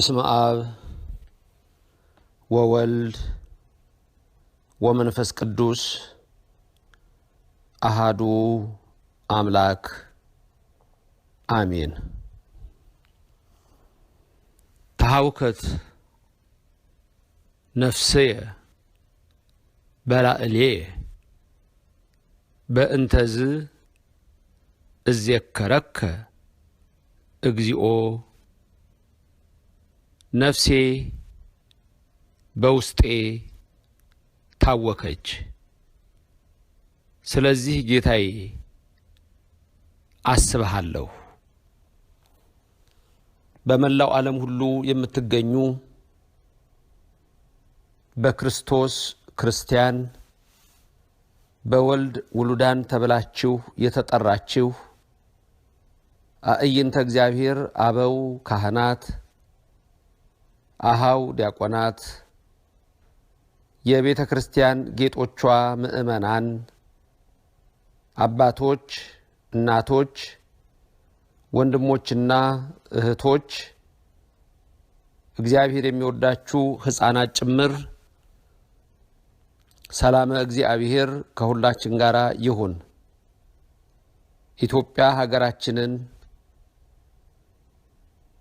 በስመ አብ ወወልድ ወመንፈስ ቅዱስ አሃዱ አምላክ አሜን። ተሃውከት ነፍስየ በላዕሌየ በእንተዝ እዜከረከ እግዚኦ ነፍሴ በውስጤ ታወከች። ስለዚህ ጌታዬ አስብሃለሁ። በመላው ዓለም ሁሉ የምትገኙ በክርስቶስ ክርስቲያን በወልድ ውሉዳን ተብላችሁ የተጠራችሁ አእይንተ እግዚአብሔር አበው ካህናት አሃው ዲያቆናት፣ የቤተ ክርስቲያን ጌጦቿ ምእመናን፣ አባቶች፣ እናቶች፣ ወንድሞችና እህቶች እግዚአብሔር የሚወዳችሁ ሕፃናት ጭምር ሰላመ እግዚአብሔር ከሁላችን ጋር ይሁን። ኢትዮጵያ ሀገራችንን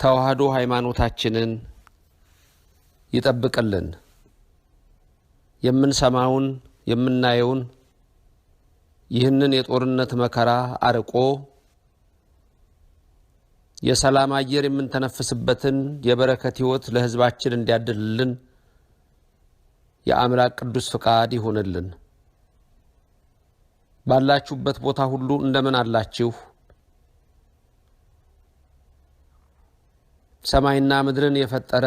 ተዋህዶ ሃይማኖታችንን ይጠብቅልን። የምንሰማውን የምናየውን ይህንን የጦርነት መከራ አርቆ የሰላም አየር የምንተነፍስበትን የበረከት ሕይወት ለሕዝባችን እንዲያድልልን የአምላክ ቅዱስ ፍቃድ ይሆንልን። ባላችሁበት ቦታ ሁሉ እንደምን አላችሁ? ሰማይና ምድርን የፈጠረ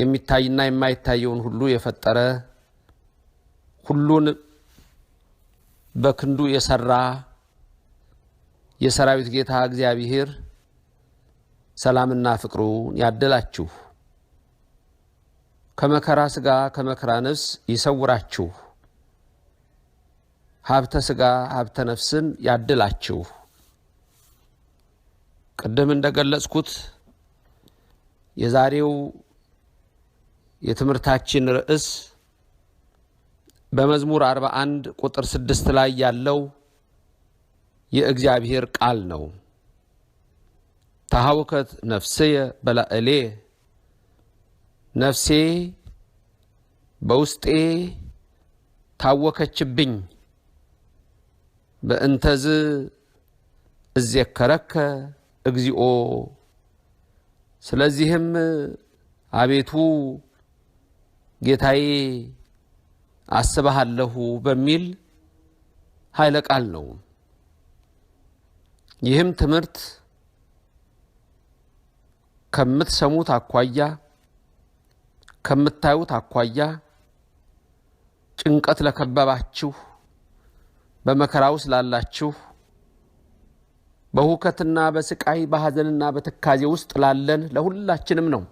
የሚታይና የማይታየውን ሁሉ የፈጠረ ሁሉን በክንዱ የሰራ የሰራዊት ጌታ እግዚአብሔር ሰላምና ፍቅሩን ያደላችሁ ከመከራ ስጋ ከመከራ ነፍስ ይሰውራችሁ ሀብተ ስጋ ሀብተ ነፍስን ያድላችሁ። ቅድም እንደገለጽኩት የዛሬው የትምህርታችን ርዕስ በመዝሙር 41 ቁጥር 6 ላይ ያለው የእግዚአብሔር ቃል ነው። ተሐውከት ነፍስየ በላዕሌ፣ ነፍሴ በውስጤ ታወከችብኝ። በእንተዝ እዜከረከ እግዚኦ፣ ስለዚህም አቤቱ ጌታዬ አስበሃለሁ በሚል ኃይለ ቃል ነው። ይህም ትምህርት ከምትሰሙት አኳያ ከምታዩት አኳያ ጭንቀት ለከበባችሁ፣ በመከራው ስላላችሁ፣ በሁከትና በስቃይ በሐዘንና በትካዜ ውስጥ ላለን ለሁላችንም ነው።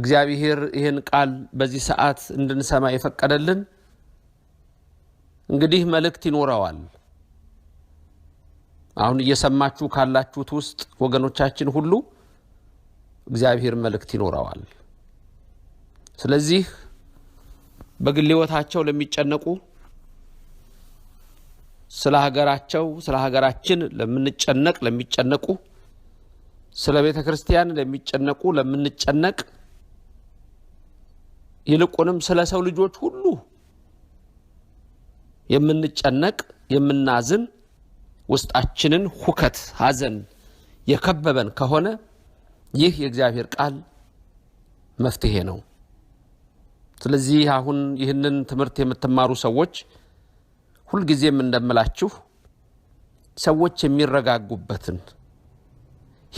እግዚአብሔር ይህን ቃል በዚህ ሰዓት እንድንሰማ የፈቀደልን እንግዲህ መልእክት ይኖረዋል። አሁን እየሰማችሁ ካላችሁት ውስጥ ወገኖቻችን ሁሉ እግዚአብሔር መልእክት ይኖረዋል። ስለዚህ በግል ሕይወታቸው ለሚጨነቁ ስለ ሀገራቸው፣ ስለ ሀገራችን ለምንጨነቅ ለሚጨነቁ፣ ስለ ቤተ ክርስቲያን ለሚጨነቁ ለምንጨነቅ ይልቁንም ስለ ሰው ልጆች ሁሉ የምንጨነቅ የምናዝን፣ ውስጣችንን ሁከት፣ ሐዘን የከበበን ከሆነ ይህ የእግዚአብሔር ቃል መፍትሄ ነው። ስለዚህ አሁን ይህንን ትምህርት የምትማሩ ሰዎች ሁልጊዜም እንደምላችሁ ሰዎች የሚረጋጉበትን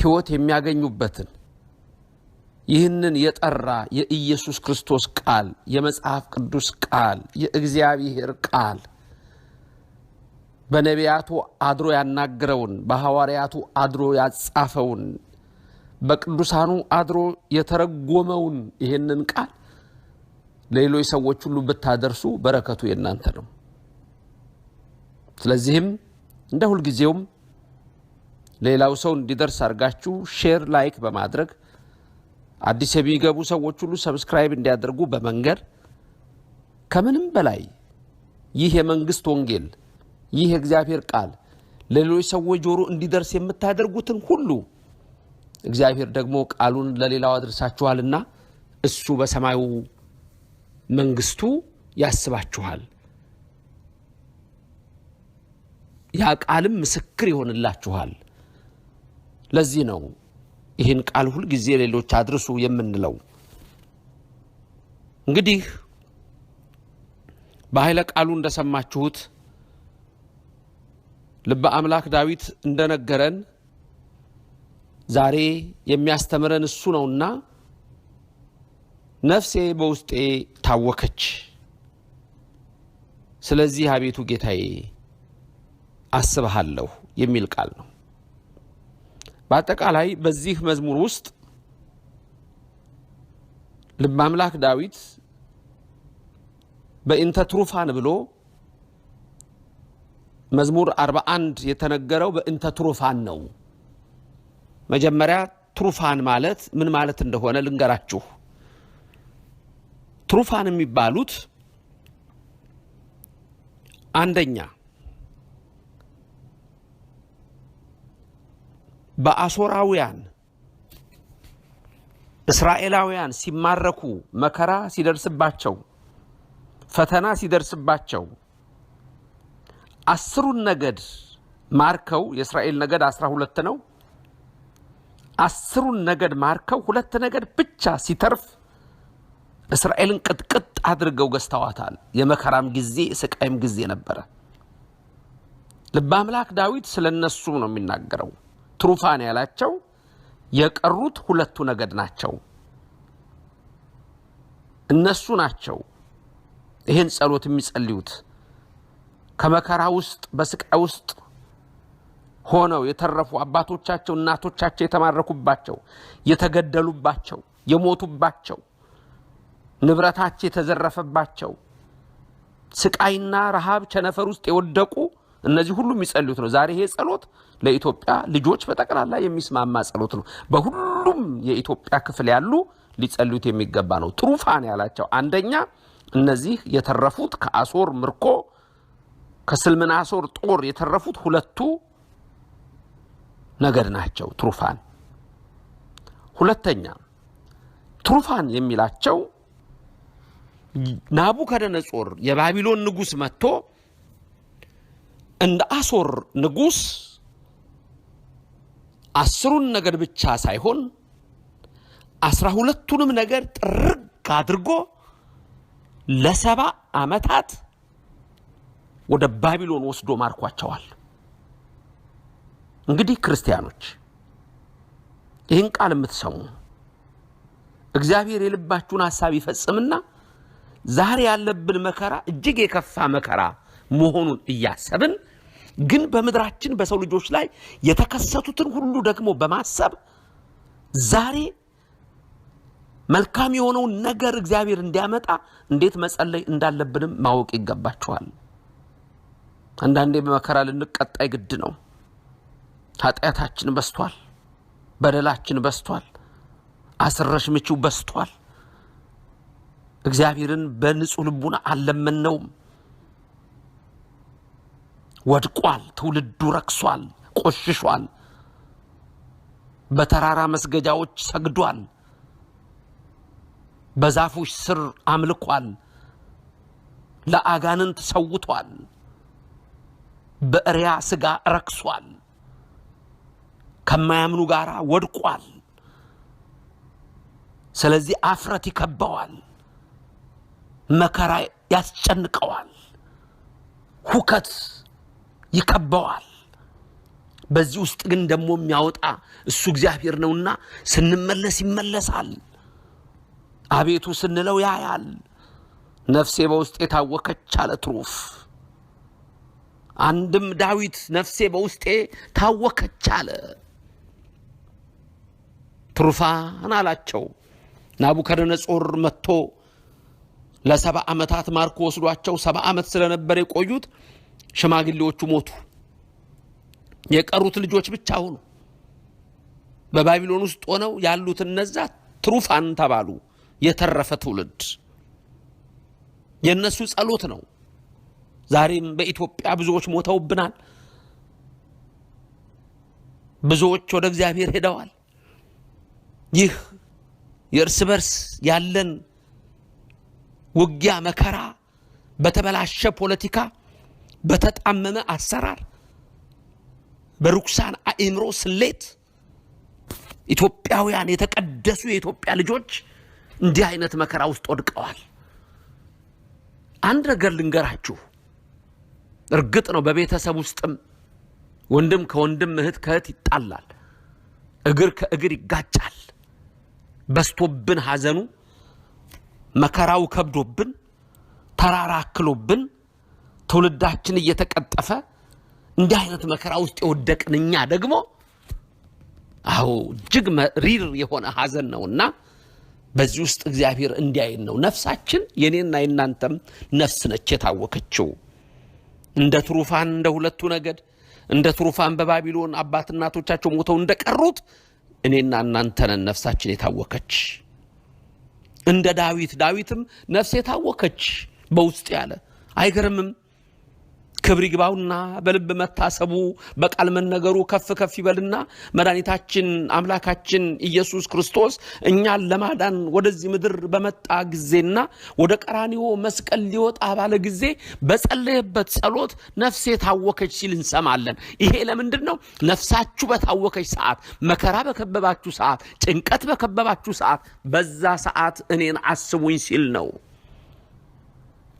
ሕይወት የሚያገኙበትን ይህንን የጠራ የኢየሱስ ክርስቶስ ቃል የመጽሐፍ ቅዱስ ቃል የእግዚአብሔር ቃል በነቢያቱ አድሮ ያናግረውን በሐዋርያቱ አድሮ ያጻፈውን በቅዱሳኑ አድሮ የተረጎመውን ይህንን ቃል ለሌሎች ሰዎች ሁሉ ብታደርሱ በረከቱ የእናንተ ነው። ስለዚህም እንደ ሁልጊዜውም ሌላው ሰው እንዲደርስ አድርጋችሁ ሼር ላይክ በማድረግ አዲስ የሚገቡ ሰዎች ሁሉ ሰብስክራይብ እንዲያደርጉ በመንገር ከምንም በላይ ይህ የመንግስት ወንጌል ይህ የእግዚአብሔር ቃል ለሌሎች ሰዎች ጆሮ እንዲደርስ የምታደርጉትን ሁሉ እግዚአብሔር ደግሞ ቃሉን ለሌላው አድርሳችኋልና እሱ በሰማዩ መንግስቱ ያስባችኋል። ያ ቃልም ምስክር ይሆንላችኋል። ለዚህ ነው ይህን ቃል ሁልጊዜ ሌሎች አድርሱ የምንለው እንግዲህ በኃይለ ቃሉ እንደሰማችሁት ልበ አምላክ ዳዊት እንደነገረን ዛሬ የሚያስተምረን እሱ ነውና ነፍሴ በውስጤ ታወከች። ስለዚህ አቤቱ ጌታዬ አስብሃለሁ የሚል ቃል ነው። በአጠቃላይ በዚህ መዝሙር ውስጥ ልበ አምላክ ዳዊት በኢንተ ትሩፋን ብሎ መዝሙር 41 የተነገረው በኢንተ ትሩፋን ነው። መጀመሪያ ትሩፋን ማለት ምን ማለት እንደሆነ ልንገራችሁ። ትሩፋን የሚባሉት አንደኛ በአሶራውያን እስራኤላውያን ሲማረኩ መከራ ሲደርስባቸው ፈተና ሲደርስባቸው አስሩን ነገድ ማርከው የእስራኤል ነገድ አስራ ሁለት ነው። አስሩን ነገድ ማርከው ሁለት ነገድ ብቻ ሲተርፍ እስራኤልን ቅጥቅጥ አድርገው ገዝተዋታል። የመከራም ጊዜ ስቃይም ጊዜ ነበረ። ልበ አምላክ ዳዊት ስለ እነሱ ነው የሚናገረው። ትሩፋን ያላቸው የቀሩት ሁለቱ ነገድ ናቸው። እነሱ ናቸው ይህን ጸሎት የሚጸልዩት ከመከራ ውስጥ በስቃይ ውስጥ ሆነው የተረፉ አባቶቻቸው፣ እናቶቻቸው የተማረኩባቸው፣ የተገደሉባቸው፣ የሞቱባቸው፣ ንብረታቸው የተዘረፈባቸው፣ ስቃይና ረሃብ ቸነፈር ውስጥ የወደቁ እነዚህ ሁሉ የሚጸልዩት ነው። ዛሬ ይሄ ጸሎት ለኢትዮጵያ ልጆች በጠቅላላ የሚስማማ ጸሎት ነው። በሁሉም የኢትዮጵያ ክፍል ያሉ ሊጸልዩት የሚገባ ነው። ትሩፋን ያላቸው አንደኛ እነዚህ የተረፉት ከአሶር ምርኮ አሶር ጦር የተረፉት ሁለቱ ነገድ ናቸው ትሩፋን። ሁለተኛ ትሩፋን የሚላቸው ናቡከደነጾር የባቢሎን ንጉሥ መጥቶ እንደ አሶር ንጉሥ አስሩን ነገድ ብቻ ሳይሆን አስራ ሁለቱንም ነገር ጥርግ አድርጎ ለሰባ ዓመታት ወደ ባቢሎን ወስዶ ማርኳቸዋል። እንግዲህ ክርስቲያኖች ይህን ቃል የምትሰሙ እግዚአብሔር የልባችሁን ሐሳብ ይፈጽምና ዛሬ ያለብን መከራ እጅግ የከፋ መከራ መሆኑን እያሰብን ግን በምድራችን በሰው ልጆች ላይ የተከሰቱትን ሁሉ ደግሞ በማሰብ ዛሬ መልካም የሆነውን ነገር እግዚአብሔር እንዲያመጣ እንዴት መጸለይ እንዳለብንም ማወቅ ይገባቸዋል። አንዳንዴ በመከራ ልንቀጣይ ግድ ነው። ኃጢአታችን በስቷል፣ በደላችን በስቷል፣ አስረሽ ምቹ በስቷል። እግዚአብሔርን በንጹህ ልቡና አልለመነውም። ወድቋል። ትውልዱ ረክሷል፣ ቆሽሿል። በተራራ መስገጃዎች ሰግዷል። በዛፎች ስር አምልኳል። ለአጋንንት ሰውቷል። በእሪያ ስጋ ረክሷል። ከማያምኑ ጋር ወድቋል። ስለዚህ አፍረት ይከበዋል፣ መከራ ያስጨንቀዋል፣ ሁከት ይከበዋል። በዚህ ውስጥ ግን ደግሞ የሚያወጣ እሱ እግዚአብሔር ነውና ስንመለስ ይመለሳል። አቤቱ ስንለው ያያል። ነፍሴ በውስጥ የታወከች አለ ትሩፍ። አንድም ዳዊት ነፍሴ በውስጤ ታወከች አለ። ትሩፋን አላቸው። ናቡከደነጾር መጥቶ ለሰባ ዓመታት ማርኮ ወስዷቸው ሰባ ዓመት ስለነበር የቆዩት ሽማግሌዎቹ ሞቱ። የቀሩት ልጆች ብቻ ሆኑ። በባቢሎን ውስጥ ሆነው ያሉት እነዛ ትሩፋን ተባሉ። የተረፈ ትውልድ የእነሱ ጸሎት ነው። ዛሬም በኢትዮጵያ ብዙዎች ሞተውብናል። ብዙዎች ወደ እግዚአብሔር ሄደዋል። ይህ የእርስ በርስ ያለን ውጊያ መከራ በተበላሸ ፖለቲካ በተጣመመ አሰራር፣ በርኩሳን አእምሮ ስሌት ኢትዮጵያውያን የተቀደሱ የኢትዮጵያ ልጆች እንዲህ አይነት መከራ ውስጥ ወድቀዋል። አንድ ነገር ልንገራችሁ። እርግጥ ነው በቤተሰብ ውስጥም ወንድም ከወንድም እህት ከእህት ይጣላል፣ እግር ከእግር ይጋጫል። በስቶብን ሐዘኑ መከራው ከብዶብን ተራራ አክሎብን ትውልዳችን እየተቀጠፈ እንዲህ አይነት መከራ ውስጥ የወደቅን እኛ ደግሞ አዎ እጅግ ሪር የሆነ ሀዘን ነውና በዚህ ውስጥ እግዚአብሔር እንዲያይን ነው። ነፍሳችን የኔና የናንተም ነፍስ ነች የታወከችው። እንደ ትሩፋን እንደ ሁለቱ ነገድ እንደ ትሩፋን በባቢሎን አባት እናቶቻቸው ሞተው እንደቀሩት እኔና እናንተነን ነፍሳችን የታወከች እንደ ዳዊት ዳዊትም ነፍስ የታወከች በውስጥ ያለ አይገርምም? ክብር ይግባውና በልብ መታሰቡ በቃል መነገሩ ከፍ ከፍ ይበልና መድኃኒታችን አምላካችን ኢየሱስ ክርስቶስ እኛን ለማዳን ወደዚህ ምድር በመጣ ጊዜና ወደ ቀራኒዎ መስቀል ሊወጣ ባለ ጊዜ በጸለየበት ጸሎት ነፍሴ ታወከች ሲል እንሰማለን። ይሄ ለምንድን ነው? ነፍሳችሁ በታወከች ሰዓት፣ መከራ በከበባችሁ ሰዓት፣ ጭንቀት በከበባችሁ ሰዓት፣ በዛ ሰዓት እኔን አስቡኝ ሲል ነው።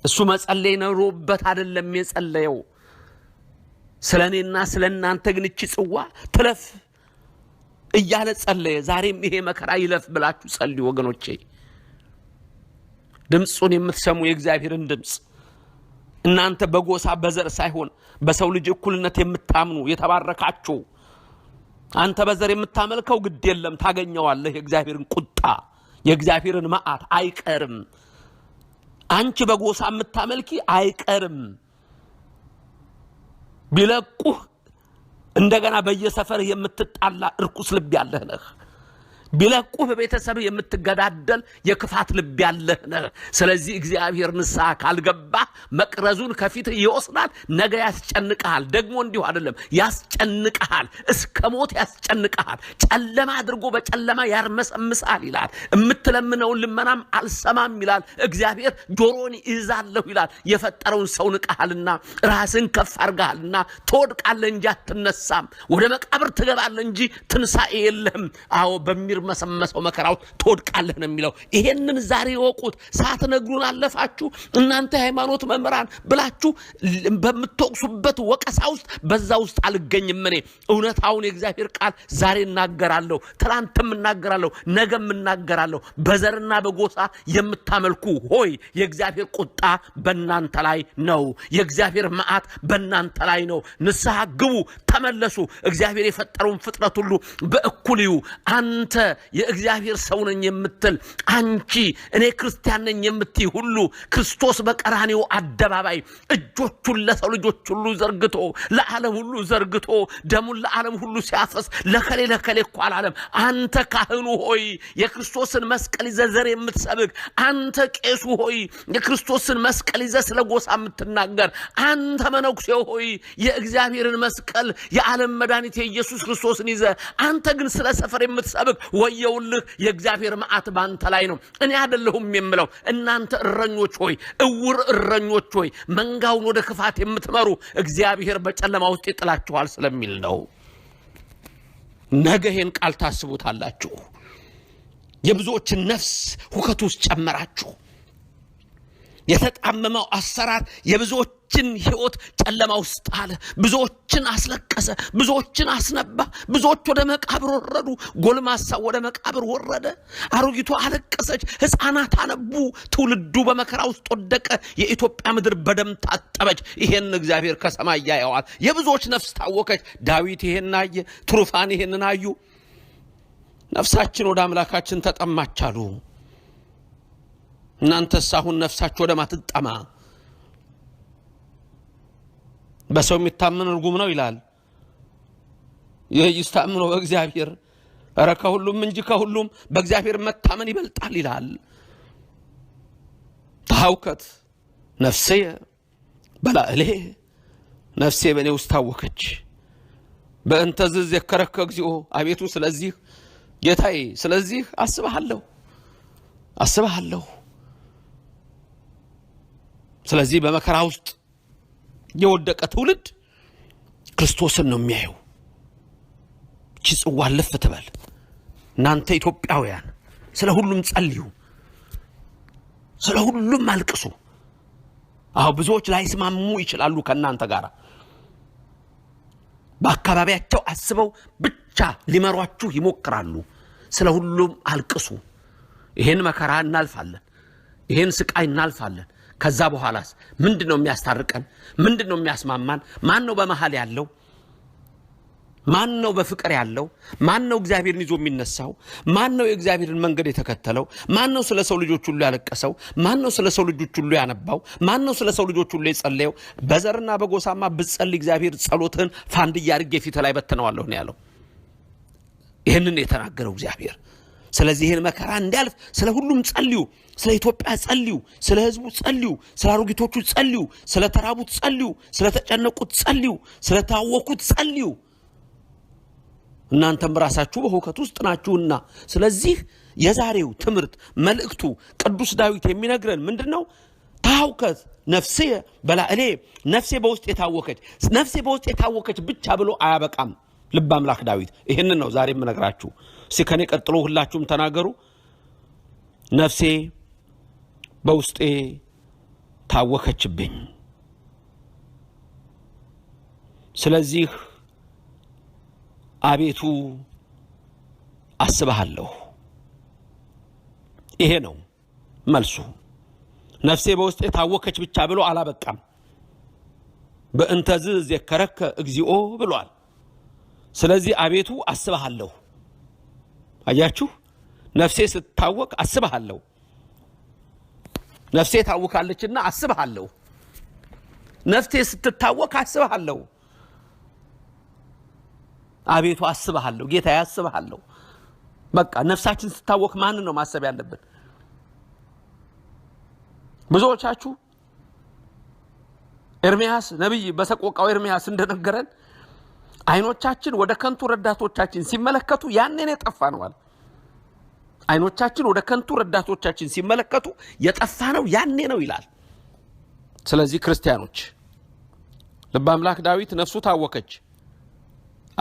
እሱ መጸለይ ኖሮበት አይደለም የጸለየው። ስለ እኔና ስለ እናንተ ግን እቺ ጽዋ ትለፍ እያለ ጸለየ። ዛሬም ይሄ መከራ ይለፍ ብላችሁ ጸልዩ ወገኖቼ። ድምፁን የምትሰሙ የእግዚአብሔርን ድምፅ እናንተ በጎሳ በዘር ሳይሆን በሰው ልጅ እኩልነት የምታምኑ የተባረካችሁ። አንተ በዘር የምታመልከው ግድ የለም ታገኘዋለህ። የእግዚአብሔርን ቁጣ የእግዚአብሔርን መዓት አይቀርም። አንቺ በጎሳ የምታመልኪ አይቀርም። ቢለቁህ እንደገና በየሰፈርህ የምትጣላ እርኩስ ልብ ያለህ ነህ። ቢለቁህ በቤተሰብ የምትገዳደል የክፋት ልብ ያለህ ነህ። ስለዚህ እግዚአብሔር ንስሐ ካልገባህ መቅረዙን ከፊት ይወስዳል። ነገ ያስጨንቀሃል። ደግሞ እንዲሁ አይደለም ያስጨንቀሃል፣ እስከ ሞት ያስጨንቀሃል። ጨለማ አድርጎ በጨለማ ያርመሰምሳል ይላል። የምትለምነውን ልመናም አልሰማም ይላል። እግዚአብሔር ጆሮን ይዛለሁ ይላል። የፈጠረውን ሰው ንቀሃልና ራስን ከፍ አርገሃልና ትወድቃለህ እንጂ አትነሳም። ወደ መቃብር ትገባለህ እንጂ ትንሣኤ የለህም። አዎ በሚር በሚርመሰመሰው መከራው ትወድቃለህ ነው የሚለው። ይሄንን ዛሬ ወቁት። ሳትነግሩን አለፋችሁ እናንተ የሃይማኖት መምህራን ብላችሁ በምትወቅሱበት ወቀሳ ውስጥ በዛ ውስጥ አልገኝም። እኔ እውነታውን የእግዚአብሔር ቃል ዛሬ እናገራለሁ፣ ትናንትም እናገራለሁ፣ ነገም እናገራለሁ። በዘርና በጎሳ የምታመልኩ ሆይ የእግዚአብሔር ቁጣ በእናንተ ላይ ነው። የእግዚአብሔር መዓት በእናንተ ላይ ነው። ንስሐ ግቡ፣ ተመለሱ። እግዚአብሔር የፈጠረውን ፍጥረት ሁሉ በእኩል ይዩ። አንተ የእግዚአብሔር ሰው ነኝ የምትል አንቺ፣ እኔ ክርስቲያን ነኝ የምትይ ሁሉ ክርስቶስ በቀራኔው አደባባይ እጆቹን ለሰው ልጆች ሁሉ ዘርግቶ ለዓለም ሁሉ ዘርግቶ ደሙን ለዓለም ሁሉ ሲያፈስ ለከሌ ለከሌ እኮ አላለም። አንተ ካህኑ ሆይ የክርስቶስን መስቀል ይዘ ዘር የምትሰብክ፣ አንተ ቄሱ ሆይ የክርስቶስን መስቀል ይዘ ስለ ጎሳ የምትናገር፣ አንተ መነኩሴ ሆይ የእግዚአብሔርን መስቀል የዓለም መድኃኒት የኢየሱስ ክርስቶስን ይዘ አንተ ግን ስለ ሰፈር የምትሰብክ ወየውልህ የእግዚአብሔር መዓት ባንተ ላይ ነው። እኔ አይደለሁም የምለው። እናንተ እረኞች ሆይ፣ እውር እረኞች ሆይ፣ መንጋውን ወደ ክፋት የምትመሩ እግዚአብሔር በጨለማ ውስጥ ይጥላችኋል ስለሚል ነው። ነገ ይህን ቃል ታስቡታላችሁ። የብዙዎችን ነፍስ ሁከት ውስጥ ጨመራችሁ። የተጣመመው አሰራር የብዙዎች ብዙዎችን ህይወት ጨለማ ውስጥ አለ። ብዙዎችን አስለቀሰ፣ ብዙዎችን አስነባ፣ ብዙዎች ወደ መቃብር ወረዱ። ጎልማሳ ወደ መቃብር ወረደ፣ አሮጊቷ አለቀሰች፣ ህፃናት አነቡ፣ ትውልዱ በመከራ ውስጥ ወደቀ፣ የኢትዮጵያ ምድር በደም ታጠበች። ይሄን እግዚአብሔር ከሰማይ ያየዋል። የብዙዎች ነፍስ ታወከች። ዳዊት ይሄን አየ፣ ትሩፋን ይሄንን አዩ። ነፍሳችን ወደ አምላካችን ተጠማች አሉ። እናንተስ አሁን ነፍሳችሁ ወደ ማትጠማ በሰው የሚታመን እርጉም ነው ይላል። ይህ በእግዚአብሔር እረ ከሁሉም እንጂ ከሁሉም በእግዚአብሔር መታመን ይበልጣል ይላል። ታውከት ነፍስየ በላእሌ ነፍሴ በእኔ ውስጥ ታወከች በእንተ ዝዝ የከረከ እግዚኦ አቤቱ ስለዚህ ጌታዬ ስለዚህ አስብሃለሁ አስብሃለሁ። ስለዚህ በመከራ ውስጥ የወደቀ ትውልድ ክርስቶስን ነው የሚያየው። ቺ ጽዋ ልፍ ትበል። እናንተ ኢትዮጵያውያን ስለ ሁሉም ጸልዩ፣ ስለ ሁሉም አልቅሱ። አሁ ብዙዎች ላይስማሙ ይችላሉ ከእናንተ ጋር በአካባቢያቸው አስበው ብቻ ሊመሯችሁ ይሞክራሉ። ስለ ሁሉም አልቅሱ። ይህን መከራ እናልፋለን፣ ይህን ስቃይ እናልፋለን። ከዛ በኋላስ ምንድን ነው የሚያስታርቀን? ምንድን ነው የሚያስማማን? ማን ነው በመሃል ያለው? ማን ነው በፍቅር ያለው? ማን ነው እግዚአብሔርን ይዞ የሚነሳው? ማን ነው የእግዚአብሔርን መንገድ የተከተለው? ማን ነው ስለ ሰው ልጆች ሁሉ ያለቀሰው? ማን ነው ስለ ሰው ልጆች ሁሉ ያነባው? ማን ነው ስለ ሰው ልጆች ሁሉ የጸለየው? በዘርና በጎሳማ ብጸል እግዚአብሔር ጸሎትህን ፋንድያ አድርጌ ፊት ላይ በትነዋለሁ ነው ያለው። ይህንን የተናገረው እግዚአብሔር ስለዚህ ይህን መከራ እንዲያልፍ ስለ ሁሉም ጸልዩ። ስለ ኢትዮጵያ ጸልዩ፣ ስለ ህዝቡ ጸልዩ፣ ስለ አሮጊቶቹ ጸልዩ፣ ስለ ተራቡት ጸልዩ፣ ስለ ተጨነቁት ጸልዩ፣ ስለ ታወኩት ጸልዩ። እናንተም ራሳችሁ በሁከት ውስጥ ናችሁና። ስለዚህ የዛሬው ትምህርት መልእክቱ ቅዱስ ዳዊት የሚነግረን ምንድን ነው? ታውከት ነፍሴ በላእሌ ነፍሴ በውስጥ የታወከች ነፍሴ በውስጥ የታወከች ብቻ ብሎ አያበቃም። ልብ አምላክ ዳዊት ይህንን ነው ዛሬ የምነግራችሁ። እስኪ ከኔ ቀጥሎ ሁላችሁም ተናገሩ። ነፍሴ በውስጤ ታወከችብኝ። ስለዚህ አቤቱ አስብሃለሁ። ይሄ ነው መልሱ። ነፍሴ በውስጤ ታወከች ብቻ ብሎ አላበቃም። በእንተዝ ዘከረከ እግዚኦ ብሏል። ስለዚህ አቤቱ አስብሃለሁ አያችሁ፣ ነፍሴ ስታወቅ አስብሃለሁ። ነፍሴ ታውካለችና አስብሃለሁ። ነፍሴ ስትታወቅ አስብሃለሁ። አቤቱ አስብሃለሁ፣ ጌታዬ አስብሃለሁ። በቃ ነፍሳችን ስታወቅ ማን ነው ማሰብ ያለብን? ብዙዎቻችሁ ኤርሚያስ ነቢይ በሰቆቃው ኤርሚያስ እንደነገረን አይኖቻችን ወደ ከንቱ ረዳቶቻችን ሲመለከቱ ያንን የጠፋ ነው አለ። አይኖቻችን ወደ ከንቱ ረዳቶቻችን ሲመለከቱ የጠፋ ነው ያኔ ነው ይላል። ስለዚህ ክርስቲያኖች ልበ አምላክ ዳዊት ነፍሱ ታወከች፣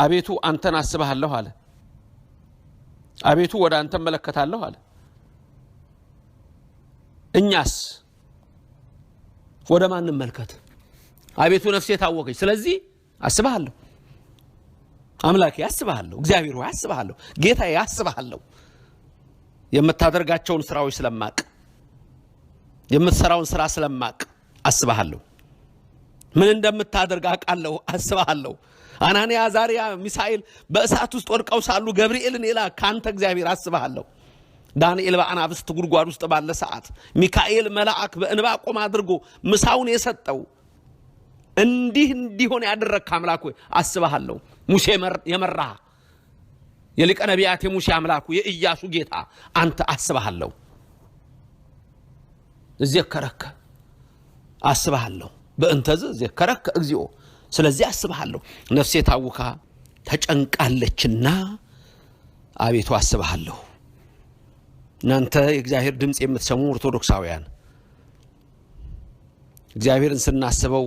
አቤቱ አንተን አስብሃለሁ አለ። አቤቱ ወደ አንተ እመለከታለሁ አለ። እኛስ ወደ ማን እንመልከት? አቤቱ ነፍሴ ታወከች፣ ስለዚህ አስብሃለሁ አምላኬ አስብሃለሁ፣ እግዚአብሔር ሆይ አስብሃለሁ፣ ጌታዬ አስብሃለሁ። የምታደርጋቸውን ስራዎች ስለማቅ፣ የምትሰራውን ስራ ስለማቅ አስብሃለሁ። ምን እንደምታደርግ አውቃለሁ፣ አስብሃለሁ። አናንያ፣ አዛርያ፣ ሚሳኤል በእሳት ውስጥ ወድቀው ሳሉ ገብርኤልን የላ ከአንተ እግዚአብሔር አስብሃለሁ። ዳንኤል በአናብስት ጉድጓድ ውስጥ ባለ ሰዓት ሚካኤል መልአክ በእንባቆም አድርጎ ምሳውን የሰጠው እንዲህ እንዲሆን ያደረግከ አምላክ ሆይ አስብሃለሁ። ሙሴ የመራ የሊቀ ነቢያት የሙሴ አምላኩ የኢያሱ ጌታ አንተ አስብሃለሁ እዜከረከ አስብሃለሁ በእንተዝ እዜከረከ እግዚኦ ስለዚህ አስብሃለሁ ነፍሴ ታውካ ተጨንቃለችና አቤቱ አስብሃለሁ እናንተ የእግዚአብሔር ድምፅ የምትሰሙ ኦርቶዶክሳውያን እግዚአብሔርን ስናስበው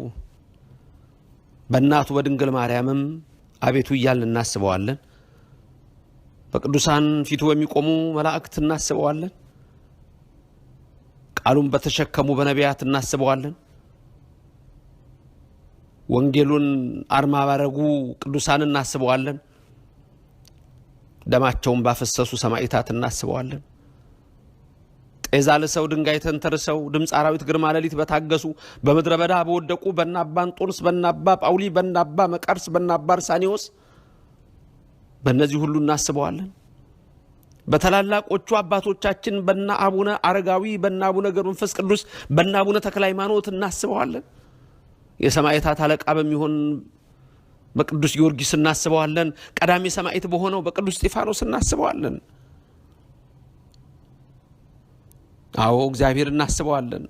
በእናቱ በድንግል ማርያምም አቤቱ እያልን እናስበዋለን። በቅዱሳን ፊቱ በሚቆሙ መላእክት እናስበዋለን። ቃሉን በተሸከሙ በነቢያት እናስበዋለን። ወንጌሉን አርማ ባረጉ ቅዱሳን እናስበዋለን። ደማቸውን ባፈሰሱ ሰማዕታት እናስበዋለን። ኤዛል ሰው ድንጋይ ተንተርሰው ድምፅ አራዊት ግርማ ሌሊት በታገሱ በምድረ በዳ በወደቁ በናባ ጦንስ በናባ ጳውሊ በናባ መቃርስ በናባ አርሳኒዎስ በእነዚህ ሁሉ እናስበዋለን። በታላላቆቹ አባቶቻችን በና አቡነ አረጋዊ በና አቡነ ገብረ መንፈስ ቅዱስ በና አቡነ ተክለ ሃይማኖት እናስበዋለን። የሰማዕታት አለቃ በሚሆን በቅዱስ ጊዮርጊስ እናስበዋለን። ቀዳሜ ሰማዕት በሆነው በቅዱስ እስጢፋኖስ እናስበዋለን። አዎ እግዚአብሔር እናስበዋለን።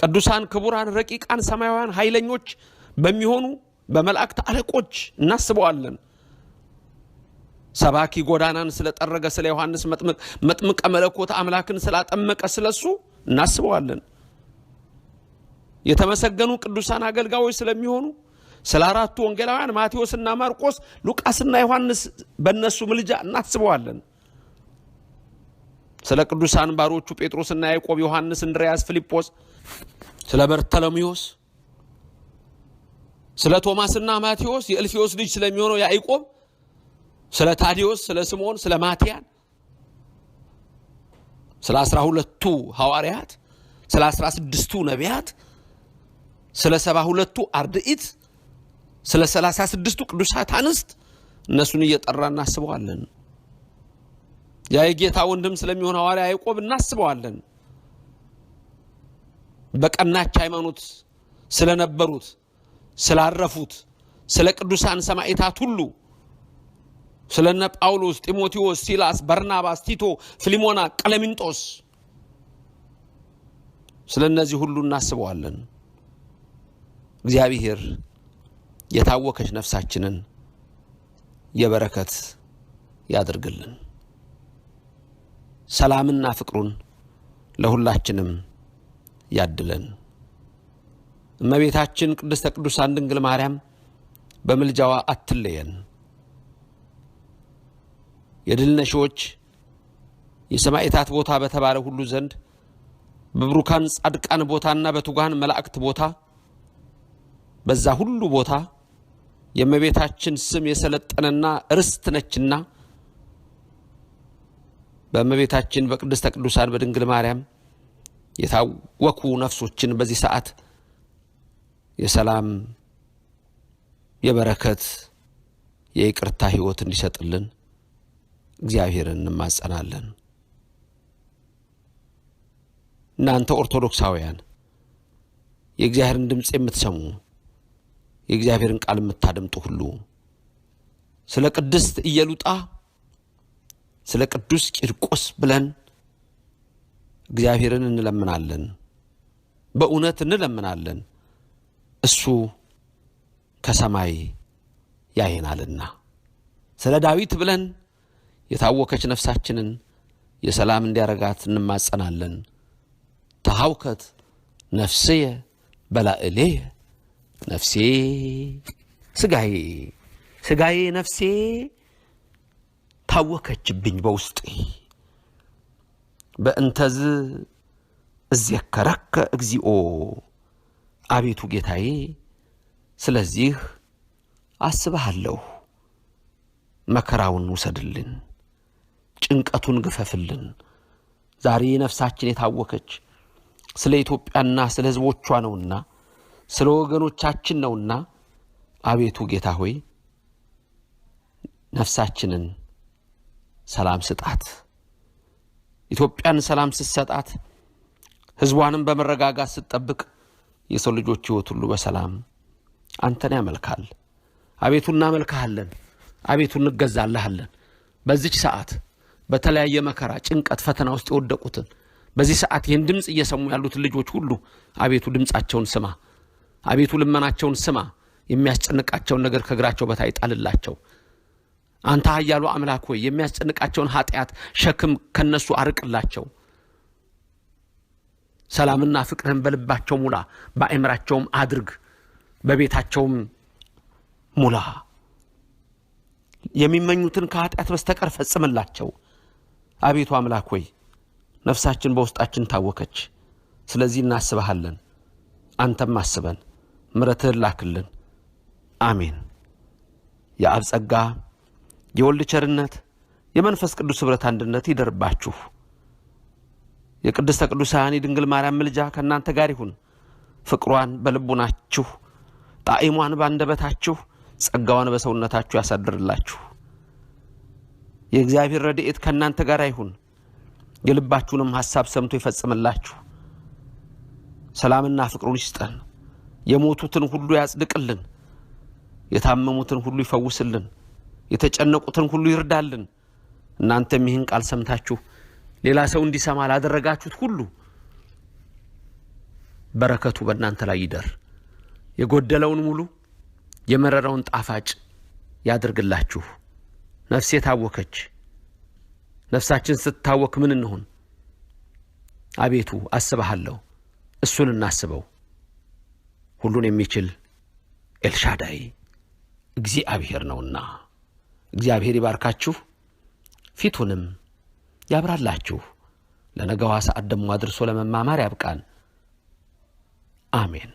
ቅዱሳን፣ ክቡራን፣ ረቂቃን፣ ሰማያውያን ኃይለኞች በሚሆኑ በመላእክት አለቆች እናስበዋለን። ሰባኪ ጎዳናን ስለጠረገ ስለ ዮሐንስ መጥምቀ መለኮት አምላክን ስላጠመቀ ስለሱ እናስበዋለን። የተመሰገኑ ቅዱሳን አገልጋዮች ስለሚሆኑ ስለ አራቱ ወንጌላውያን ማቴዎስና ማርቆስ፣ ሉቃስና ዮሐንስ በእነሱ ምልጃ እናስበዋለን። ስለ ቅዱሳን ባሮቹ ጴጥሮስና ያዕቆብ፣ ዮሐንስ፣ እንድርያስ፣ ፊልጶስ፣ ስለ በርተሎሜዎስ፣ ስለ ቶማስና ማቴዎስ የእልፌዎስ ልጅ ስለሚሆነው ያዕቆብ፣ ስለ ታዲዮስ፣ ስለ ስምዖን፣ ስለ ማትያን፣ ስለ አስራ ሁለቱ ሐዋርያት፣ ስለ አስራ ስድስቱ ነቢያት፣ ስለ ሰባ ሁለቱ አርድእት፣ ስለ ሰላሳ ስድስቱ ቅዱሳት አንስት እነሱን እየጠራ እናስበዋለን። ያ የጌታ ወንድም ስለሚሆን ሐዋርያ ያዕቆብ እናስበዋለን። በቀናች ሃይማኖት ስለነበሩት፣ ስላረፉት፣ ስለ ቅዱሳን ሰማዕታት ሁሉ ስለነ ጳውሎስ፣ ጢሞቴዎስ፣ ሲላስ፣ በርናባስ፣ ቲቶ፣ ፊሊሞና፣ ቀለሚንጦስ ስለ እነዚህ ሁሉ እናስበዋለን። እግዚአብሔር የታወከች ነፍሳችንን የበረከት ያድርግልን። ሰላምና ፍቅሩን ለሁላችንም ያድለን። እመቤታችን ቅድስተ ቅዱሳን ድንግል ማርያም በምልጃዋ አትለየን። የድልነሺዎች የሰማዕታት ቦታ በተባለ ሁሉ ዘንድ በብሩካን ጻድቃን ቦታና በትጉሃን መላእክት ቦታ በዛ ሁሉ ቦታ የእመቤታችን ስም የሰለጠነና ርስት ነችና በእመቤታችን በቅድስተ ቅዱሳን በድንግል ማርያም የታወኩ ነፍሶችን በዚህ ሰዓት የሰላም የበረከት የይቅርታ ሕይወት እንዲሰጥልን እግዚአብሔርን እንማጸናለን። እናንተ ኦርቶዶክሳውያን የእግዚአብሔርን ድምፅ የምትሰሙ የእግዚአብሔርን ቃል የምታደምጡ ሁሉ ስለ ቅድስት እየሉጣ ስለ ቅዱስ ቂርቆስ ብለን እግዚአብሔርን እንለምናለን። በእውነት እንለምናለን። እሱ ከሰማይ ያየናልና ስለ ዳዊት ብለን የታወከች ነፍሳችንን የሰላም እንዲያረጋት እንማጸናለን። ተሐውከት ነፍስየ በላዕሌየ ነፍሴ ስጋዬ ስጋዬ ነፍሴ ታወከችብኝ በውስጤ በእንተዝ እዜከረከ እግዚኦ፣ አቤቱ ጌታዬ፣ ስለዚህ አስብሃለሁ። መከራውን ውሰድልን፣ ጭንቀቱን ግፈፍልን። ዛሬ ነፍሳችን የታወከች ስለ ኢትዮጵያና ስለ ህዝቦቿ ነውና ስለ ወገኖቻችን ነውና አቤቱ ጌታ ሆይ ነፍሳችንን ሰላም ስጣት። ኢትዮጵያን ሰላም ስትሰጣት፣ ህዝቧንም በመረጋጋት ስትጠብቅ፣ የሰው ልጆች ህይወት ሁሉ በሰላም አንተን ያመልካል። አቤቱ እናመልካሃለን፣ አቤቱ እንገዛልሃለን። በዚች ሰዓት በተለያየ መከራ፣ ጭንቀት፣ ፈተና ውስጥ የወደቁትን በዚህ ሰዓት ይህን ድምፅ እየሰሙ ያሉትን ልጆች ሁሉ አቤቱ ድምፃቸውን ስማ፣ አቤቱ ልመናቸውን ስማ። የሚያስጨንቃቸውን ነገር ከእግራቸው በታይ ጣልላቸው። አንተ ኃያሉ አምላክ ሆይ የሚያስጨንቃቸውን ኃጢአት ሸክም ከነሱ አርቅላቸው። ሰላምና ፍቅርህን በልባቸው ሙላ፣ በአእምራቸውም አድርግ፣ በቤታቸውም ሙላ። የሚመኙትን ከኃጢአት በስተቀር ፈጽምላቸው። አቤቱ አምላክ ሆይ ነፍሳችን በውስጣችን ታወከች። ስለዚህ እናስበሃለን፣ አንተም አስበን፣ ምረትህን ላክልን። አሜን። የአብ ጸጋ የወልድ ቸርነት የመንፈስ ቅዱስ ኅብረት አንድነት ይደርባችሁ። የቅድስተ ቅዱሳን የድንግል ማርያም ምልጃ ከእናንተ ጋር ይሁን። ፍቅሯን በልቡናችሁ፣ ጣዕሟን ባንደበታችሁ፣ ጸጋዋን በሰውነታችሁ ያሳድርላችሁ። የእግዚአብሔር ረድኤት ከእናንተ ጋር ይሁን። የልባችሁንም ሐሳብ ሰምቶ ይፈጽምላችሁ። ሰላምና ፍቅሩን ይስጠን። የሞቱትን ሁሉ ያጽድቅልን። የታመሙትን ሁሉ ይፈውስልን። የተጨነቁትን ሁሉ ይርዳልን። እናንተም ይህን ቃል ሰምታችሁ ሌላ ሰው እንዲሰማ ላደረጋችሁት ሁሉ በረከቱ በእናንተ ላይ ይደር። የጎደለውን ሙሉ የመረረውን ጣፋጭ ያድርግላችሁ። ነፍሴ ታወከች። ነፍሳችን ስትታወክ ምን እንሆን? አቤቱ አስብሃለሁ። እሱን እናስበው። ሁሉን የሚችል ኤልሻዳይ እግዚአብሔር ነውና እግዚአብሔር ይባርካችሁ፣ ፊቱንም ያብራላችሁ። ለነገዋ ሰዓት ደግሞ አድርሶ ለመማማር ያብቃን። አሜን።